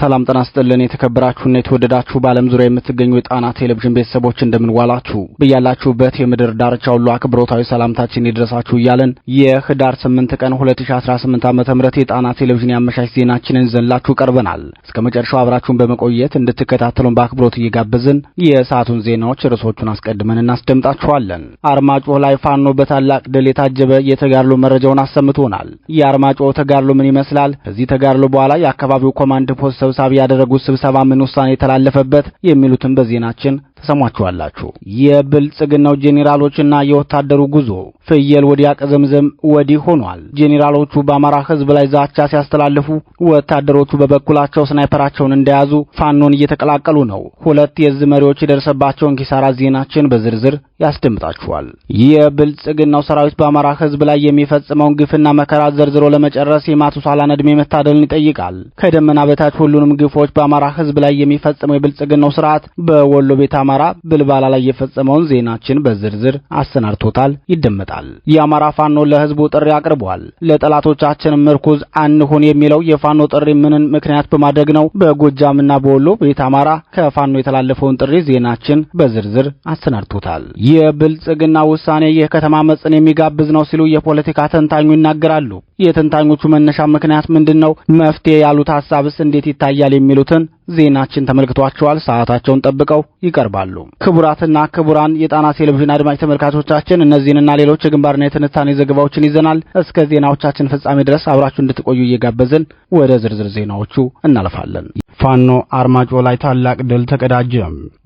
ሰላም ጤና ይስጥልን። የተከበራችሁና የተወደዳችሁ በዓለም ዙሪያ የምትገኙ የጣና ቴሌቪዥን ቤተሰቦች እንደምንዋላችሁ በያላችሁበት የምድር ዳርቻ ሁሉ አክብሮታዊ ሰላምታችን ይድረሳችሁ እያለን የህዳር 8 ቀን 2018 ዓ.ም ተምረት የጣና ቴሌቪዥን ያመሻሽ ዜናችንን ዘንላችሁ ቀርበናል። እስከ መጨረሻው አብራችሁን በመቆየት እንድትከታተሉን በአክብሮት እየጋበዝን የሰዓቱን ዜናዎች ርዕሶቹን አስቀድመን እናስደምጣችኋለን። አርማጮ ላይ ፋኖ በታላቅ ድል የታጀበ የተጋድሎ መረጃውን አሰምቶናል። የአርማጮ ተጋድሎ ምን ይመስላል? ከዚህ ተጋድሎ በኋላ የአካባቢው ኮማንድ ፖስት ሰብሳቢ ያደረጉት ስብሰባ ምን ውሳኔ ተላለፈበት የሚሉትን በዜናችን ተሰማችኋላችሁ። የብልጽግናው ጄኔራሎችና የወታደሩ ጉዞ ፍየል ወዲያ ቀዘምዘም ወዲህ ሆኗል። ጄኔራሎቹ በአማራ ሕዝብ ላይ ዛቻ ሲያስተላልፉ፣ ወታደሮቹ በበኩላቸው ስናይፐራቸውን እንደያዙ ፋኖን እየተቀላቀሉ ነው። ሁለት የዝ መሪዎች የደረሰባቸውን ኪሳራ ዜናችን በዝርዝር ያስደምጣችኋል። የብልጽግናው ሰራዊት በአማራ ሕዝብ ላይ የሚፈጽመውን ግፍና መከራ ዘርዝሮ ለመጨረስ የማቱሳላን ዕድሜ መታደልን ይጠይቃል። ከደመና በታች ሁሉንም ግፎች በአማራ ሕዝብ ላይ የሚፈጽመው የብልጽግናው ስርዓት በወሎ ቤታ አማራ ብልባላ ላይ የፈጸመውን ዜናችን በዝርዝር አሰናድቶታል፣ ይደመጣል። የአማራ ፋኖ ለህዝቡ ጥሪ አቅርቧል። ለጠላቶቻችን ምርኩዝ አንሁን የሚለው የፋኖ ጥሪ ምንን ምክንያት በማድረግ ነው? በጎጃምና በወሎ ቤት አማራ ከፋኖ የተላለፈውን ጥሪ ዜናችን በዝርዝር አሰናድቶታል። የብልጽግና ውሳኔ የከተማ መጽን የሚጋብዝ ነው ሲሉ የፖለቲካ ተንታኙ ይናገራሉ። የተንታኞቹ መነሻ ምክንያት ምንድን ነው? መፍትሄ ያሉት ሀሳብስ እንዴት ይታያል? የሚሉትን ዜናችን ተመልክቷቸዋል። ሰዓታቸውን ጠብቀው ይቀርባሉ። ክቡራትና ክቡራን የጣና ቴሌቪዥን አድማጭ ተመልካቾቻችን እነዚህንና ሌሎች የግንባርና የትንታኔ ዘገባዎችን ይዘናል። እስከ ዜናዎቻችን ፍጻሜ ድረስ አብራችሁ እንድትቆዩ እየጋበዝን ወደ ዝርዝር ዜናዎቹ እናልፋለን። ፋኖ አርማጮ ላይ ታላቅ ድል ተቀዳጀ።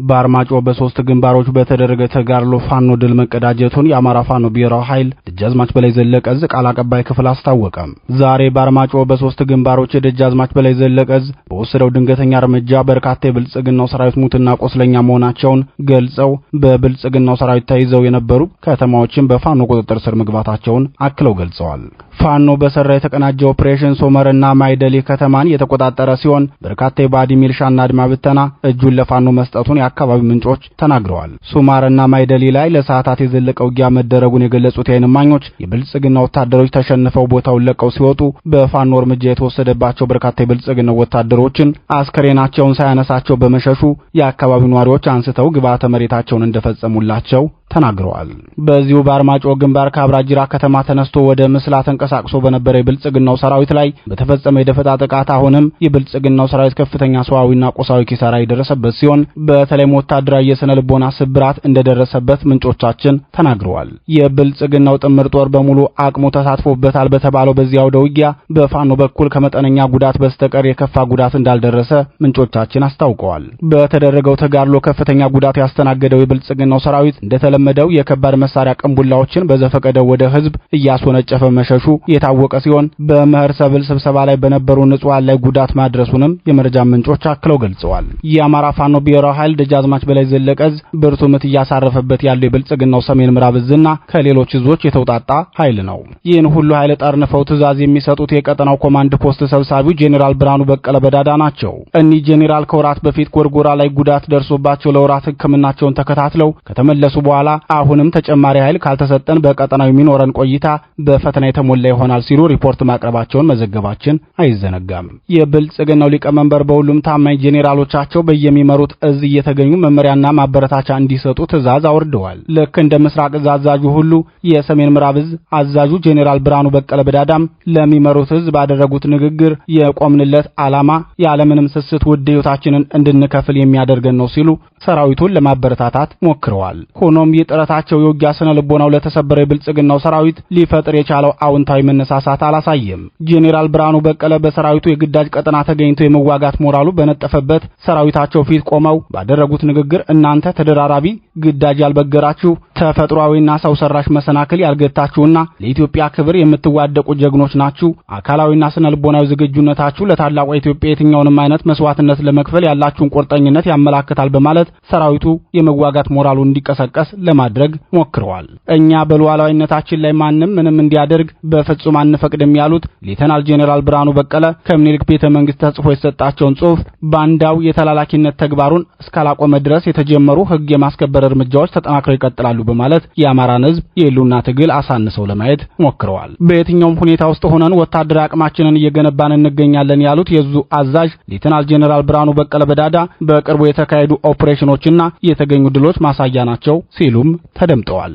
በአርማጮ በሶስት ግንባሮች በተደረገ ተጋድሎ ፋኖ ድል መቀዳጀቱን የአማራ ፋኖ ብሔራዊ ኃይል ደጃዝማች በላይ ዘለቀ እዝ ቃል አቀባይ ክፍል አስታወቀ። ዛሬ በአርማጮ በሶስት ግንባሮች የደጃዝማች በላይ ዘለቀ እዝ በወሰደው ድንገተኛ እርምጃ በርካታ የብልጽግናው ሰራዊት ሙትና ቆስለኛ መሆናቸውን ገልጸው በብልጽግናው ሰራዊት ተይዘው የነበሩ ከተማዎችን በፋኖ ቁጥጥር ስር መግባታቸውን አክለው ገልጸዋል። ፋኖ በሰራ የተቀናጀ ኦፕሬሽን ሶመርና ማይደሌ ከተማን የተቆጣጠረ ሲሆን በርካታ የባዲ ሚልሻና አድማ ብተና እጁን ለፋኖ መስጠቱን የአካባቢው ምንጮች ተናግረዋል። ሱማርና ማይደሊ ላይ ለሰዓታት የዘለቀ ውጊያ መደረጉን የገለጹት የዓይን እማኞች የብልጽግና ወታደሮች ተሸንፈው ቦታውን ለቀው ሲወጡ በፋኖ እርምጃ የተወሰደባቸው በርካታ የብልጽግና ወታደሮችን አስከሬናቸውን ሳያነሳቸው በመሸሹ የአካባቢው ነዋሪዎች አንስተው ግብዓተ መሬታቸውን እንደፈጸሙላቸው ተናግረዋል። በዚሁ በአርማጮ ግንባር ከአብራጅራ ከተማ ተነስቶ ወደ ምስላ ተንቀሳቅሶ በነበረ የብልጽግናው ሰራዊት ላይ በተፈጸመ የደፈጣ ጥቃት አሁንም የብልጽግናው ሰራዊት ከፍተኛ ሰዋዊና ቁሳዊ ኪሳራ የደረሰበት ሲሆን በተለይም ወታደራዊ የስነ ልቦና ስብራት እንደደረሰበት ምንጮቻችን ተናግረዋል። የብልጽግናው ጥምር ጦር በሙሉ አቅሙ ተሳትፎበታል በተባለው በዚያው ውጊያ በፋኖ በኩል ከመጠነኛ ጉዳት በስተቀር የከፋ ጉዳት እንዳልደረሰ ምንጮቻችን አስታውቀዋል። በተደረገው ተጋድሎ ከፍተኛ ጉዳት ያስተናገደው የብልጽግናው ሰራዊት እንደተለ የተለመደው የከባድ መሳሪያ ቅንቡላዎችን በዘፈቀደ ወደ ህዝብ እያስወነጨፈ መሸሹ የታወቀ ሲሆን በመኸር ሰብል ስብሰባ ላይ በነበሩ ንጹሃን ላይ ጉዳት ማድረሱንም የመረጃ ምንጮች አክለው ገልጸዋል። የአማራ ፋኖ ብሔራዊ ኃይል ደጃዝማች በላይ ዘለቀዝ ብርቱ ምት እያሳረፈበት ያለው የብልጽግናው ሰሜን ምዕራብ እዝና ከሌሎች እዞች የተውጣጣ ኃይል ነው። ይህን ሁሉ ኃይል ጠርንፈው ትዕዛዝ የሚሰጡት የቀጠናው ኮማንድ ፖስት ሰብሳቢው ጄኔራል ብርሃኑ በቀለ በዳዳ ናቸው። እኒህ ጄኔራል ከወራት በፊት ጎርጎራ ላይ ጉዳት ደርሶባቸው ለወራት ሕክምናቸውን ተከታትለው ከተመለሱ በኋላ በኋላ አሁንም ተጨማሪ ኃይል ካልተሰጠን በቀጠናው የሚኖረን ቆይታ በፈተና የተሞላ ይሆናል ሲሉ ሪፖርት ማቅረባቸውን መዘገባችን አይዘነጋም። የብልጽግናው ሊቀመንበር በሁሉም ታማኝ ጄኔራሎቻቸው በየሚመሩት እዝ እየተገኙ መመሪያና ማበረታቻ እንዲሰጡ ትዕዛዝ አውርደዋል። ልክ እንደ ምስራቅ እዝ አዛዡ ሁሉ የሰሜን ምዕራብ እዝ አዛዡ ጄኔራል ብርሃኑ በቀለ በዳዳም ለሚመሩት እዝ ባደረጉት ንግግር የቆምንለት ዓላማ ያለምንም ስስት ውድ ሕይወታችንን እንድንከፍል የሚያደርገን ነው ሲሉ ሰራዊቱን ለማበረታታት ሞክረዋል። ሆኖም ይህ ጥረታቸው የውጊያ ስነ ልቦናው ለተሰበረ የብልጽግናው ሰራዊት ሊፈጥር የቻለው አውንታዊ መነሳሳት አላሳየም። ጄኔራል ብርሃኑ በቀለ በሰራዊቱ የግዳጅ ቀጠና ተገኝቶ የመዋጋት ሞራሉ በነጠፈበት ሰራዊታቸው ፊት ቆመው ባደረጉት ንግግር እናንተ ተደራራቢ ግዳጅ ያልበገራችሁ ተፈጥሯዊና ሰው ሰራሽ መሰናክል ያልገታችሁና ለኢትዮጵያ ክብር የምትዋደቁ ጀግኖች ናችሁ። አካላዊና ስነ ልቦናዊ ዝግጁነታችሁ ለታላቋ ኢትዮጵያ የትኛውንም አይነት መስዋዕትነት ለመክፈል ያላችሁን ቁርጠኝነት ያመላክታል በማለት ሰራዊቱ የመዋጋት ሞራሉ እንዲቀሰቀስ ለማድረግ ሞክረዋል። እኛ በሉዓላዊነታችን ላይ ማንም ምንም እንዲያደርግ በፍጹም አንፈቅድም ያሉት ሌተናል ጄኔራል ብርሃኑ በቀለ ከምኒልክ ቤተ መንግስት ተጽፎ የተሰጣቸውን ጽሑፍ ባንዳው የተላላኪነት ተግባሩን እስካላቆመ ድረስ የተጀመሩ ህግ የማስከበር እርምጃዎች ተጠናክረው ይቀጥላሉ በማለት የአማራን ህዝብ የህልውና ትግል አሳንሰው ለማየት ሞክረዋል። በየትኛውም ሁኔታ ውስጥ ሆነን ወታደራዊ አቅማችንን እየገነባን እንገኛለን ያሉት የዙ አዛዥ ሌተናል ጄኔራል ብርሃኑ በቀለ በዳዳ በቅርቡ የተካሄዱ ኦፕሬሽኖችና የተገኙ ድሎች ማሳያ ናቸው ሲሉ ሲሉም ተደምጠዋል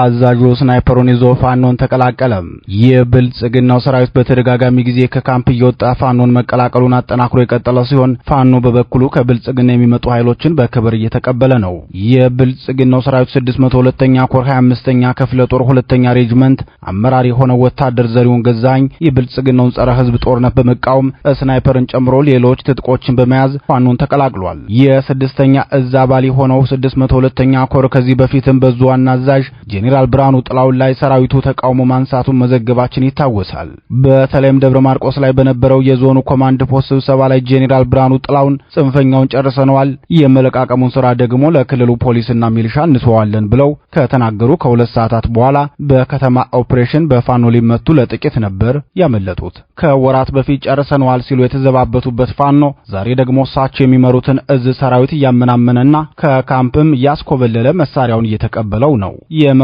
አዛዡ ስናይፐሩን ይዞ ፋኖን ተቀላቀለ። የብልጽግናው ሰራዊት በተደጋጋሚ ጊዜ ከካምፕ እየወጣ ፋኖን መቀላቀሉን አጠናክሮ የቀጠለ ሲሆን ፋኖ በበኩሉ ከብልጽግና የሚመጡ ኃይሎችን በክብር እየተቀበለ ነው። የብልጽግናው ሰራዊት 602ኛ ኮር 25ኛ ክፍለ ጦር ሁለተኛ ሬጅመንት አመራር የሆነው ወታደር ዘሪውን ገዛኝ የብልጽግናውን ጸረ ህዝብ ጦርነት በመቃወም ስናይፐርን ጨምሮ ሌሎች ትጥቆችን በመያዝ ፋኖን ተቀላቅሏል። የስድስተኛ እዝ አባል የሆነው 602ኛ ኮር ከዚህ በፊትም በዙ ዋና አዛዥ ጄኔራል ብርሃኑ ጥላውን ላይ ሰራዊቱ ተቃውሞ ማንሳቱን መዘገባችን ይታወሳል። በተለይም ደብረ ማርቆስ ላይ በነበረው የዞኑ ኮማንድ ፖስት ስብሰባ ላይ ጄኔራል ብርሃኑ ጥላውን ጽንፈኛውን ጨርሰነዋል፣ የመለቃቀሙን ስራ ደግሞ ለክልሉ ፖሊስና ሚሊሻ እንተዋለን ብለው ከተናገሩ ከሁለት ሰዓታት በኋላ በከተማ ኦፕሬሽን በፋኖ ሊመቱ ለጥቂት ነበር ያመለጡት። ከወራት በፊት ጨርሰነዋል ሲሉ የተዘባበቱበት ፋኖ ዛሬ ደግሞ እሳቸው የሚመሩትን እዝ ሰራዊት እያመናመነና ከካምፕም እያስኮበለለ መሳሪያውን እየተቀበለው ነው።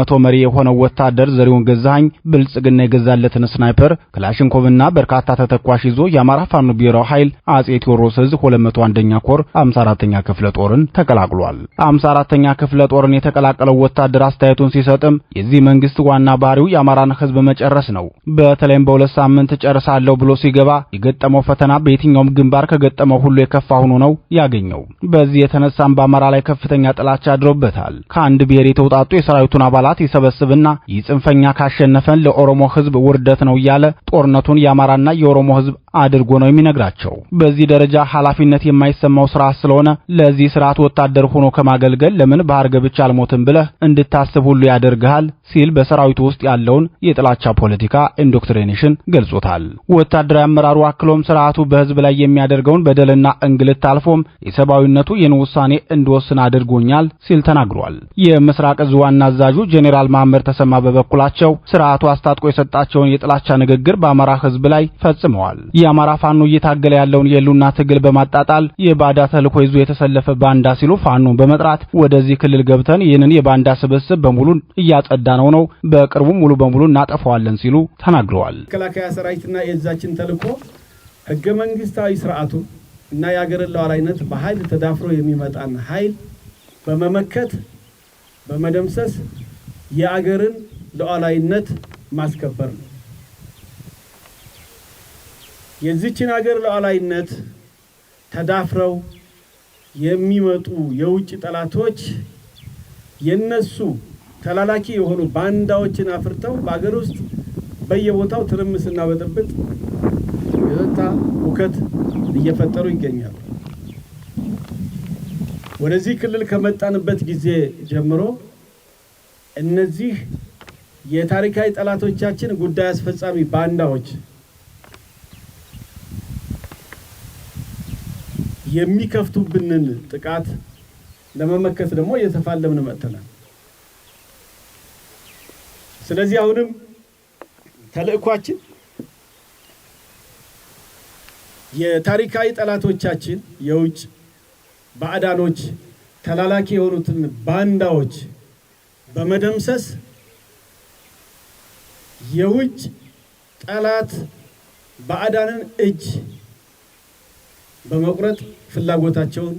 መቶ መሪ የሆነው ወታደር ዘሪሁን ገዛኸኝ ብልጽግና የገዛለትን ስናይፐር ክላሽንኮቭና በርካታ ተተኳሽ ይዞ የአማራ ፋኖ ብሔራዊ ኃይል አጼ ቴዎድሮስ ህዝ 201ኛ ኮር 54ኛ ክፍለ ጦርን ተቀላቅሏል። 54ኛ ክፍለ ጦርን የተቀላቀለው ወታደር አስተያየቱን ሲሰጥም የዚህ መንግስት ዋና ባህሪው የአማራን ህዝብ መጨረስ ነው። በተለይም በሁለት ሳምንት ጨርሳለሁ ብሎ ሲገባ የገጠመው ፈተና በየትኛውም ግንባር ከገጠመው ሁሉ የከፋ ሆኖ ነው ያገኘው። በዚህ የተነሳም በአማራ ላይ ከፍተኛ ጥላቻ አድሮበታል። ከአንድ ብሔር የተውጣጡ የሰራዊቱን አባላት ወጣት ይሰበስብና ይህ ጽንፈኛ ካሸነፈን ለኦሮሞ ህዝብ ውርደት ነው እያለ ጦርነቱን የአማራና የኦሮሞ ህዝብ። አድርጎ ነው የሚነግራቸው። በዚህ ደረጃ ኃላፊነት የማይሰማው ስርዓት ስለሆነ ለዚህ ስርዓት ወታደር ሆኖ ከማገልገል ለምን ባህር ገብቻ አልሞትም ብለህ እንድታስብ ሁሉ ያደርግሃል ሲል በሰራዊቱ ውስጥ ያለውን የጥላቻ ፖለቲካ ኢንዶክትሪኔሽን ገልጾታል። ወታደራዊ አመራሩ አክሎም ስርዓቱ በህዝብ ላይ የሚያደርገውን በደልና እንግልት አልፎም የሰብአዊነቱ ይህን ውሳኔ እንዲወስን አድርጎኛል ሲል ተናግሯል። የምስራቅ እዝ ዋና አዛዡ ጄኔራል መሐመድ ተሰማ በበኩላቸው ስርዓቱ አስታጥቆ የሰጣቸውን የጥላቻ ንግግር በአማራ ህዝብ ላይ ፈጽመዋል። የአማራ ፋኖ እየታገለ ያለውን የሉና ትግል በማጣጣል የባዳ ተልኮ ይዞ የተሰለፈ ባንዳ ሲሉ ፋኖ በመጥራት ወደዚህ ክልል ገብተን ይህንን የባንዳ ስብስብ በሙሉ እያጸዳ ነው ነው በቅርቡ ሙሉ በሙሉ እናጠፋዋለን ሲሉ ተናግረዋል። መከላከያ ሰራዊትና የዛችን ተልኮ ህገ መንግስታዊ ስርዓቱ እና የአገርን ሉዓላዊነት በኃይል ተዳፍሮ የሚመጣን ኃይል በመመከት በመደምሰስ የአገርን ሉዓላዊነት ማስከበር ነው። የዚችን ሀገር ሉዓላዊነት ተዳፍረው የሚመጡ የውጭ ጠላቶች የነሱ ተላላኪ የሆኑ ባንዳዎችን አፍርተው በሀገር ውስጥ በየቦታው ትርምስና በጥብጥ የጸጥታ ሁከት እየፈጠሩ ይገኛሉ። ወደዚህ ክልል ከመጣንበት ጊዜ ጀምሮ እነዚህ የታሪካዊ ጠላቶቻችን ጉዳይ አስፈጻሚ ባንዳዎች የሚከፍቱብንን ጥቃት ለመመከት ደግሞ እየተፋለምን መጥተናል። ስለዚህ አሁንም ተልእኳችን የታሪካዊ ጠላቶቻችን የውጭ ባዕዳኖች ተላላኪ የሆኑትን ባንዳዎች በመደምሰስ የውጭ ጠላት ባዕዳንን እጅ በመቁረጥ ፍላጎታቸውን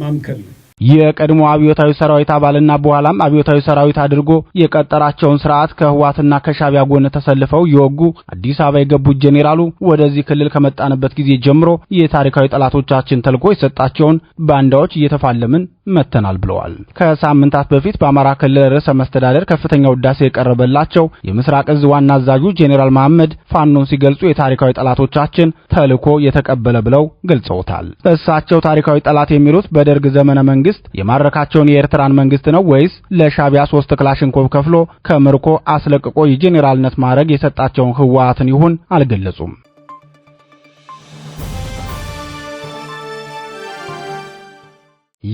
ማምከል ነው። የቀድሞ አብዮታዊ ሰራዊት አባልና በኋላም አብዮታዊ ሰራዊት አድርጎ የቀጠራቸውን ስርዓት ከህዋትና ከሻቢያ ጎን ተሰልፈው የወጉ አዲስ አበባ የገቡት ጄኔራሉ ወደዚህ ክልል ከመጣንበት ጊዜ ጀምሮ የታሪካዊ ጠላቶቻችን ተልኮ የሰጣቸውን ባንዳዎች እየተፋለምን መተናል ብለዋል። ከሳምንታት በፊት በአማራ ክልል ርዕሰ መስተዳደር ከፍተኛ ውዳሴ የቀረበላቸው የምስራቅ እዝ ዋና አዛዡ ጄኔራል መሐመድ ፋኖን ሲገልጹ የታሪካዊ ጠላቶቻችን ተልዕኮ የተቀበለ ብለው ገልጸውታል። እሳቸው ታሪካዊ ጠላት የሚሉት በደርግ ዘመነ መንግስት የማረካቸውን የኤርትራን መንግስት ነው ወይስ ለሻቢያ ሶስት ክላሽንኮቭ ከፍሎ ከምርኮ አስለቅቆ የጄኔራልነት ማዕረግ የሰጣቸውን ህወሓትን ይሁን አልገለጹም።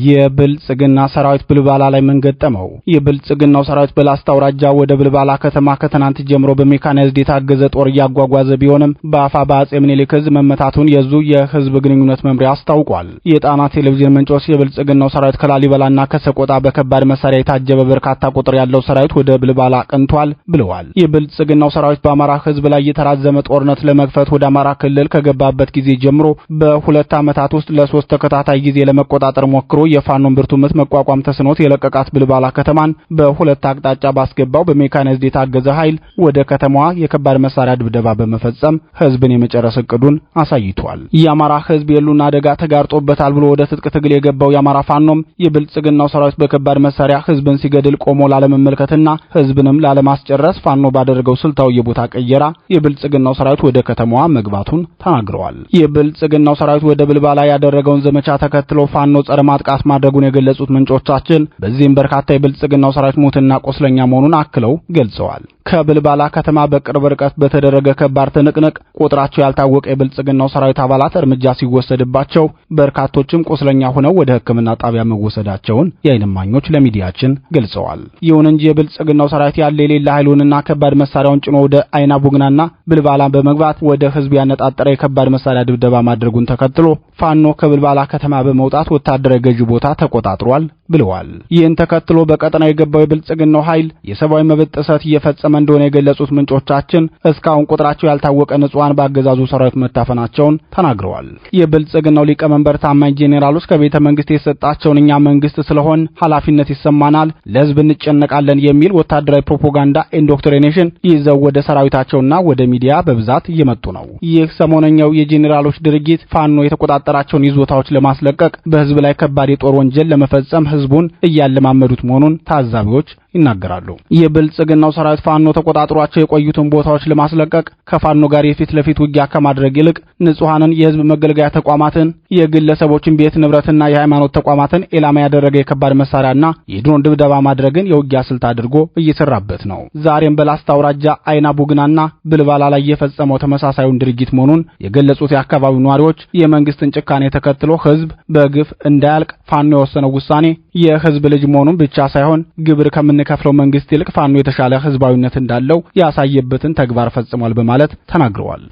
የብልጽግና ሰራዊት ብልባላ ላይ ምን ገጠመው? የብልጽግናው ሰራዊት በላስታ አውራጃ ወደ ብልባላ ከተማ ከትናንት ጀምሮ በሜካናይዝድ የታገዘ ጦር እያጓጓዘ ቢሆንም በአፋ በአጼ ምኒልክ እዝ መመታቱን የዙ የህዝብ ግንኙነት መምሪያ አስታውቋል። የጣና ቴሌቪዥን ምንጮች የብልጽግናው ሰራዊት ከላሊበላና ከሰቆጣ በከባድ መሳሪያ የታጀበ በርካታ ቁጥር ያለው ሰራዊት ወደ ብልባላ አቅንቷል ብለዋል። የብልጽግናው ሰራዊት በአማራ ህዝብ ላይ የተራዘመ ጦርነት ለመክፈት ወደ አማራ ክልል ከገባበት ጊዜ ጀምሮ በሁለት ዓመታት ውስጥ ለሶስት ተከታታይ ጊዜ ለመቆጣጠር ሞክሯል ተሞክሮ የፋኖን ብርቱ ምት መቋቋም ተስኖት የለቀቃት ብልባላ ከተማን በሁለት አቅጣጫ ባስገባው በሜካናይዝድ የታገዘ ኃይል ወደ ከተማዋ የከባድ መሳሪያ ድብደባ በመፈጸም ህዝብን የመጨረስ እቅዱን አሳይቷል። የአማራ ህዝብ የሉና አደጋ ተጋርጦበታል ብሎ ወደ ትጥቅ ትግል የገባው የአማራ ፋኖም የብልጽግናው ሰራዊት በከባድ መሳሪያ ህዝብን ሲገድል ቆሞ ላለመመልከትና ህዝብንም ላለማስጨረስ ፋኖ ባደረገው ስልታዊ የቦታ ቀየራ የብልጽግናው ሰራዊት ወደ ከተማዋ መግባቱን ተናግረዋል። የብልጽግናው ሰራዊት ወደ ብልባላ ያደረገውን ዘመቻ ተከትሎ ፋኖ ጸረ ማጥቃት ጥቃት ማድረጉን የገለጹት ምንጮቻችን በዚህም በርካታ የብልጽግናው ሰራዊት ሞትና ቆስለኛ መሆኑን አክለው ገልጸዋል። ከብልባላ ከተማ በቅርብ ርቀት በተደረገ ከባድ ትንቅንቅ ቁጥራቸው ያልታወቀ የብልጽግናው ሰራዊት አባላት እርምጃ ሲወሰድባቸው በርካቶችም ቁስለኛ ሆነው ወደ ሕክምና ጣቢያ መወሰዳቸውን የዓይን እማኞች ለሚዲያችን ገልጸዋል። ይሁን እንጂ የብልጽግናው ሰራዊት ያለ የሌለ ኃይሉንና ከባድ መሳሪያውን ጭኖ ወደ አይና ቡግናና ብልባላ በመግባት ወደ ህዝብ ያነጣጠረ የከባድ መሳሪያ ድብደባ ማድረጉን ተከትሎ ፋኖ ከብልባላ ከተማ በመውጣት ወታደራዊ ገዢ ቦታ ተቆጣጥሯል ብለዋል። ይህን ተከትሎ በቀጠና የገባው የብልጽግናው ኃይል የሰብአዊ መብት ጥሰት እየፈጸመ እንደሆነ የገለጹት ምንጮቻችን እስካሁን ቁጥራቸው ያልታወቀ ንጹሐን በአገዛዙ ሰራዊት መታፈናቸውን ተናግረዋል። የብልጽግናው ሊቀመንበር ታማኝ ጄኔራሎች ከቤተ መንግስት የተሰጣቸውን እኛ መንግስት ስለሆን ኃላፊነት ይሰማናል፣ ለህዝብ እንጨነቃለን የሚል ወታደራዊ ፕሮፓጋንዳ ኢንዶክትሪኔሽን ይዘው ወደ ሰራዊታቸውና ወደ ሚዲያ በብዛት እየመጡ ነው። ይህ ሰሞነኛው የጄኔራሎች ድርጊት ፋኖ የተቆጣጠራቸውን ይዞታዎች ለማስለቀቅ በህዝብ ላይ ከባድ የጦር ወንጀል ለመፈጸም ህዝቡን እያለማመዱት መሆኑን ታዛቢዎች ይናገራሉ። የብልጽግናው ሰራዊት ፋኖ ተቆጣጥሯቸው የቆዩትን ቦታዎች ለማስለቀቅ ከፋኖ ጋር የፊት ለፊት ውጊያ ከማድረግ ይልቅ ንጹሐንን፣ የህዝብ መገልገያ ተቋማትን፣ የግለሰቦችን ቤት ንብረትና የሃይማኖት ተቋማትን ኢላማ ያደረገ የከባድ መሳሪያና የድሮን ድብደባ ማድረግን የውጊያ ስልት አድርጎ እየሰራበት ነው። ዛሬም በላስታ አውራጃ አይና ቡግናና ብልባላ ላይ የፈጸመው ተመሳሳዩን ድርጊት መሆኑን የገለጹት የአካባቢው ነዋሪዎች የመንግስትን ጭካኔ ተከትሎ ህዝብ በግፍ እንዳያልቅ ፋኖ የወሰነው ውሳኔ የህዝብ ልጅ መሆኑን ብቻ ሳይሆን ግብር ከምንከፍለው መንግስት ይልቅ ፋኖ የተሻለ ህዝባዊነት እንዳለው ያሳየበትን ተግባር ፈጽሟል በማለት ተናግረዋል።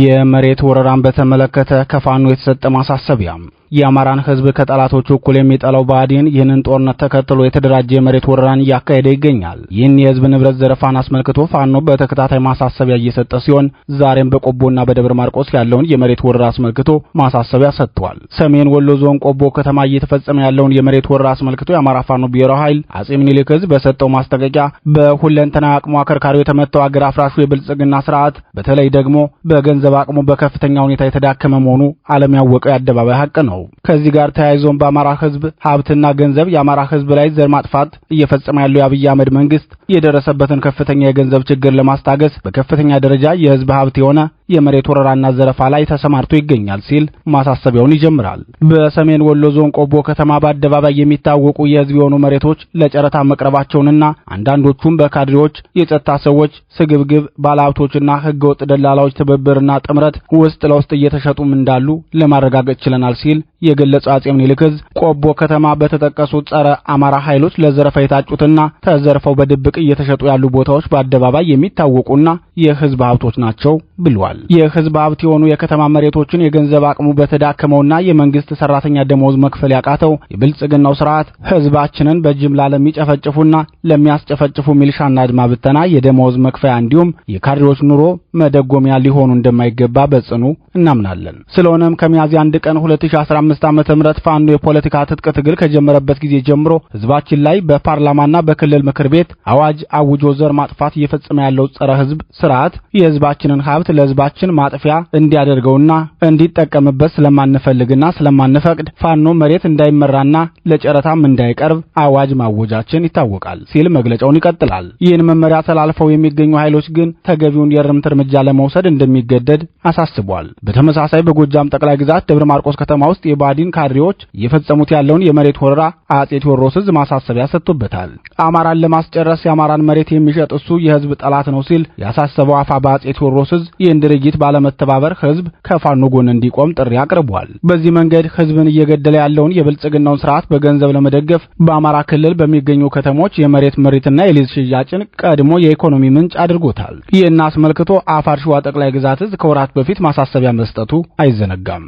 የመሬት ወረራን በተመለከተ ከፋኖ የተሰጠ ማሳሰቢያ የአማራን ህዝብ ከጠላቶቹ እኩል የሚጠላው ብአዴን ይህንን ጦርነት ተከትሎ የተደራጀ የመሬት ወረራን እያካሄደ ይገኛል። ይህን የህዝብ ንብረት ዘረፋን አስመልክቶ ፋኖ በተከታታይ ማሳሰቢያ እየሰጠ ሲሆን ዛሬም በቆቦና በደብረ ማርቆስ ያለውን የመሬት ወረራ አስመልክቶ ማሳሰቢያ ሰጥቷል። ሰሜን ወሎ ዞን ቆቦ ከተማ እየተፈጸመ ያለውን የመሬት ወረራ አስመልክቶ የአማራ ፋኖ ብሔራዊ ኃይል አጼ ምኒልክ ህዝብ በሰጠው ማስጠንቀቂያ በሁለንተና አቅሙ አከርካሪው የተመታው አገር አፍራሹ የብልጽግና ስርዓት በተለይ ደግሞ በገንዘብ አቅሙ በከፍተኛ ሁኔታ የተዳከመ መሆኑ ዓለም ያወቀው የአደባባይ ሀቅ ነው። ነው። ከዚህ ጋር ተያይዞም በአማራ ህዝብ ሀብትና ገንዘብ የአማራ ህዝብ ላይ ዘር ማጥፋት እየፈጸመ ያለው የአብይ አህመድ መንግስት የደረሰበትን ከፍተኛ የገንዘብ ችግር ለማስታገስ በከፍተኛ ደረጃ የህዝብ ሀብት የሆነ የመሬት ወረራና ዘረፋ ላይ ተሰማርቶ ይገኛል ሲል ማሳሰቢያውን ይጀምራል። በሰሜን ወሎ ዞን ቆቦ ከተማ በአደባባይ የሚታወቁ የህዝብ የሆኑ መሬቶች ለጨረታ መቅረባቸውንና አንዳንዶቹም በካድሬዎች፣ የጸጥታ ሰዎች፣ ስግብግብ ባለሀብቶችና ህገወጥ ደላላዎች ትብብርና ጥምረት ውስጥ ለውስጥ እየተሸጡም እንዳሉ ለማረጋገጥ ችለናል ሲል የገለጸው አጼ ምኒልክ ዕዝ ቆቦ ከተማ በተጠቀሱት ጸረ አማራ ኃይሎች ለዘረፋ የታጩትና ተዘርፈው በድብቅ እየተሸጡ ያሉ ቦታዎች በአደባባይ የሚታወቁና የህዝብ ሀብቶች ናቸው ብሏል። የህዝብ ሀብት የሆኑ የከተማ መሬቶችን የገንዘብ አቅሙ በተዳከመውና የመንግስት ሰራተኛ ደሞዝ መክፈል ያቃተው የብልጽግናው ስርዓት ህዝባችንን በጅምላ ለሚጨፈጭፉና ለሚያስጨፈጭፉ ሚልሻና አድማ ብተና የደሞዝ መክፈያ እንዲሁም የካድሬዎች ኑሮ መደጎሚያ ሊሆኑ እንደማይገባ በጽኑ እናምናለን። ስለሆነም ከሚያዝያ 1 ቀን 2015 2015 ዓመተ ምህረት ፋኖ የፖለቲካ ትጥቅ ትግል ከጀመረበት ጊዜ ጀምሮ ህዝባችን ላይ በፓርላማና በክልል ምክር ቤት አዋጅ አውጆ ዘር ማጥፋት እየፈጸመ ያለው ጸረ ህዝብ ስርዓት የህዝባችንን ሀብት ለህዝባችን ማጥፊያ እንዲያደርገውና እንዲጠቀምበት ስለማንፈልግና ስለማንፈቅድ ፋኖ መሬት እንዳይመራና ለጨረታም እንዳይቀርብ አዋጅ ማወጃችን ይታወቃል ሲል መግለጫውን ይቀጥላል። ይህን መመሪያ ተላልፈው የሚገኙ ኃይሎች ግን ተገቢውን የእርምት እርምጃ ለመውሰድ እንደሚገደድ አሳስቧል። በተመሳሳይ በጎጃም ጠቅላይ ግዛት ደብረ ማርቆስ ከተማ ውስጥ የባዲን ካድሬዎች እየፈጸሙት ያለውን የመሬት ወረራ አጼ ቴዎድሮስ እዝ ማሳሰቢያ ሰጥቶበታል። አማራን ለማስጨረስ የአማራን መሬት የሚሸጥ እሱ የህዝብ ጠላት ነው ሲል ያሳሰበው አፋ በአጼ ቴዎድሮስ እዝ ይህን ድርጊት ባለመተባበር ህዝብ ከፋኖ ጎን እንዲቆም ጥሪ አቅርቧል። በዚህ መንገድ ህዝብን እየገደለ ያለውን የብልጽግናውን ስርዓት በገንዘብ ለመደገፍ በአማራ ክልል በሚገኙ ከተሞች የመሬት ምሪትና የሊዝ ሽያጭን ቀድሞ የኢኮኖሚ ምንጭ አድርጎታል። ይህን አስመልክቶ አፋር ሸዋ ጠቅላይ ግዛት እዝ ከወራት በፊት ማሳሰቢያ መስጠቱ አይዘነጋም።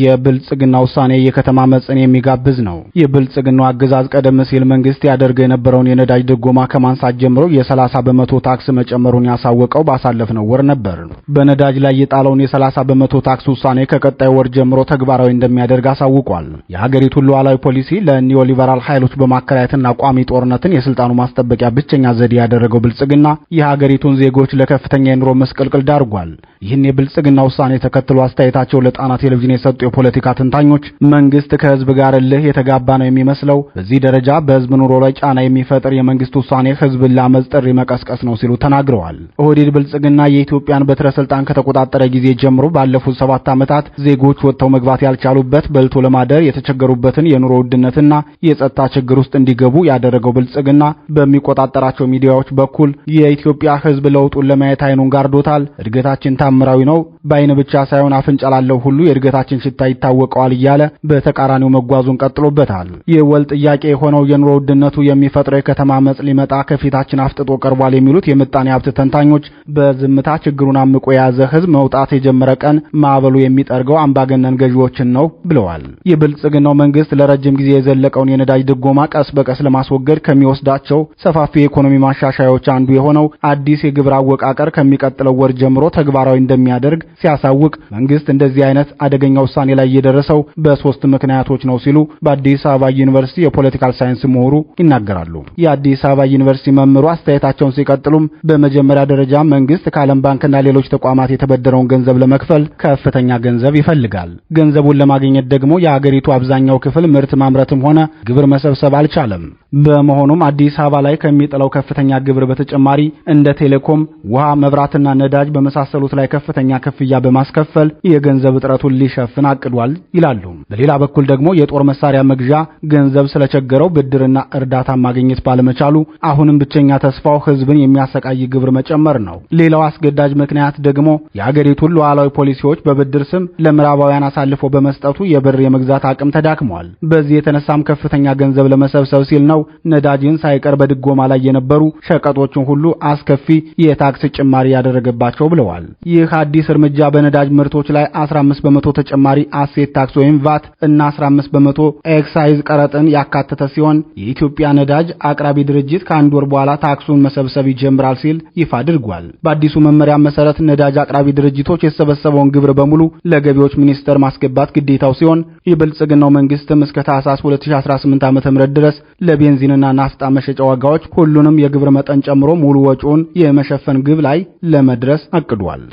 የብልጽግና ውሳኔ የከተማ መጽን የሚጋብዝ ነው። የብልጽግናው አገዛዝ ቀደም ሲል መንግስት ያደርገው የነበረውን የነዳጅ ድጎማ ከማንሳት ጀምሮ የ30 በመቶ ታክስ መጨመሩን ያሳወቀው ባሳለፍነው ወር ነበር። በነዳጅ ላይ የጣለውን የ30 በመቶ ታክስ ውሳኔ ከቀጣይ ወር ጀምሮ ተግባራዊ እንደሚያደርግ አሳውቋል። የሀገሪቱን ሉዓላዊ ፖሊሲ ለኒዮሊበራል ኃይሎች በማከራየትና ቋሚ ጦርነትን የስልጣኑ ማስጠበቂያ ብቸኛ ዘዴ ያደረገው ብልጽግና የሀገሪቱን ዜጎች ለከፍተኛ የኑሮ መስቀልቅል ዳርጓል። ይህን የብልጽግና ውሳኔ ተከትሎ አስተያየታቸው ለጣና ቴሌቪዥን የሰጡ የፖለቲካ ተንታኞች መንግስት ከህዝብ ጋር እልህ የተጋባ ነው የሚመስለው፣ በዚህ ደረጃ በህዝብ ኑሮ ላይ ጫና የሚፈጥር የመንግስት ውሳኔ ህዝብን ለአመፅ ጥሪ መቀስቀስ ነው ሲሉ ተናግረዋል። ኦህዴድ ብልጽግና የኢትዮጵያን በትረ ስልጣን ከተቆጣጠረ ጊዜ ጀምሮ ባለፉት ሰባት ዓመታት ዜጎች ወጥተው መግባት ያልቻሉበት በልቶ ለማደር የተቸገሩበትን የኑሮ ውድነትና የጸጥታ ችግር ውስጥ እንዲገቡ ያደረገው ብልጽግና በሚቆጣጠራቸው ሚዲያዎች በኩል የኢትዮጵያ ህዝብ ለውጡን ለማየት አይኑን ጋርዶታል። እድገታችን ታምራዊ ነው በአይን ብቻ ሳይሆን አፍንጫ ላለው ሁሉ የእድገታችን ሽታ ይታወቀዋል እያለ በተቃራኒው መጓዙን ቀጥሎበታል። የወል ጥያቄ የሆነው የኑሮ ውድነቱ የሚፈጥረው የከተማ መጽ ሊመጣ ከፊታችን አፍጥጦ ቀርቧል የሚሉት የምጣኔ ሀብት ተንታኞች በዝምታ ችግሩን አምቆ የያዘ ህዝብ መውጣት የጀመረ ቀን ማዕበሉ የሚጠርገው አምባገነን ገዢዎችን ነው ብለዋል። የብልጽግናው መንግስት ለረጅም ጊዜ የዘለቀውን የነዳጅ ድጎማ ቀስ በቀስ ለማስወገድ ከሚወስዳቸው ሰፋፊ የኢኮኖሚ ማሻሻያዎች አንዱ የሆነው አዲስ የግብር አወቃቀር ከሚቀጥለው ወር ጀምሮ ተግባራዊ እንደሚያደርግ ሲያሳውቅ መንግስት እንደዚህ አይነት አደገኛ ውሳኔ ውሳኔ ላይ የደረሰው በሶስት ምክንያቶች ነው ሲሉ በአዲስ አበባ ዩኒቨርሲቲ የፖለቲካል ሳይንስ ምሁሩ ይናገራሉ። የአዲስ አበባ ዩኒቨርሲቲ መምህሩ አስተያየታቸውን ሲቀጥሉም በመጀመሪያ ደረጃ መንግስት ከዓለም ባንክና ሌሎች ተቋማት የተበደረውን ገንዘብ ለመክፈል ከፍተኛ ገንዘብ ይፈልጋል። ገንዘቡን ለማግኘት ደግሞ የአገሪቱ አብዛኛው ክፍል ምርት ማምረትም ሆነ ግብር መሰብሰብ አልቻለም። በመሆኑም አዲስ አበባ ላይ ከሚጥለው ከፍተኛ ግብር በተጨማሪ እንደ ቴሌኮም፣ ውሃ፣ መብራትና ነዳጅ በመሳሰሉት ላይ ከፍተኛ ክፍያ በማስከፈል የገንዘብ እጥረቱን ሊሸፍን አቅዷል ይላሉ። በሌላ በኩል ደግሞ የጦር መሳሪያ መግዣ ገንዘብ ስለቸገረው ብድርና እርዳታ ማግኘት ባለመቻሉ አሁንም ብቸኛ ተስፋው ህዝብን የሚያሰቃይ ግብር መጨመር ነው። ሌላው አስገዳጅ ምክንያት ደግሞ የአገሪቱን ሉዓላዊ ፖሊሲዎች በብድር ስም ለምዕራባውያን አሳልፎ በመስጠቱ የብር የመግዛት አቅም ተዳክሟል። በዚህ የተነሳም ከፍተኛ ገንዘብ ለመሰብሰብ ሲል ነው ነዳጅን ሳይቀር በድጎማ ላይ የነበሩ ሸቀጦችን ሁሉ አስከፊ የታክስ ጭማሪ ያደረገባቸው ብለዋል። ይህ አዲስ እርምጃ በነዳጅ ምርቶች ላይ 15 በመቶ ተጨማሪ አሴት ታክስ ወይም ቫት እና 15 በመቶ ኤክሳይዝ ቀረጥን ያካተተ ሲሆን የኢትዮጵያ ነዳጅ አቅራቢ ድርጅት ከአንድ ወር በኋላ ታክሱን መሰብሰብ ይጀምራል ሲል ይፋ አድርጓል። በአዲሱ መመሪያ መሰረት ነዳጅ አቅራቢ ድርጅቶች የተሰበሰበውን ግብር በሙሉ ለገቢዎች ሚኒስቴር ማስገባት ግዴታው ሲሆን የብልጽግናው መንግስትም እስከ ታህሳስ 2018 ዓ.ም ድረስ ለቤ የቤንዚንና ናፍጣ መሸጫ ዋጋዎች ሁሉንም የግብር መጠን ጨምሮ ሙሉ ወጪውን የመሸፈን ግብ ላይ ለመድረስ አቅዷል።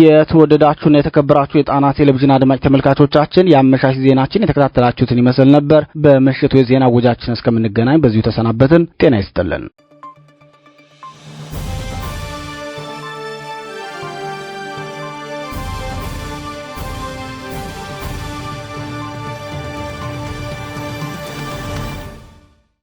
የተወደዳችሁና የተከበራችሁ የጣና ቴሌቪዥን አድማጭ ተመልካቾቻችን የአመሻሽ ዜናችን የተከታተላችሁትን ይመስል ነበር። በምሽቱ የዜና ወጃችን እስከምንገናኝ በዚሁ ተሰናበትን። ጤና ይስጥልን።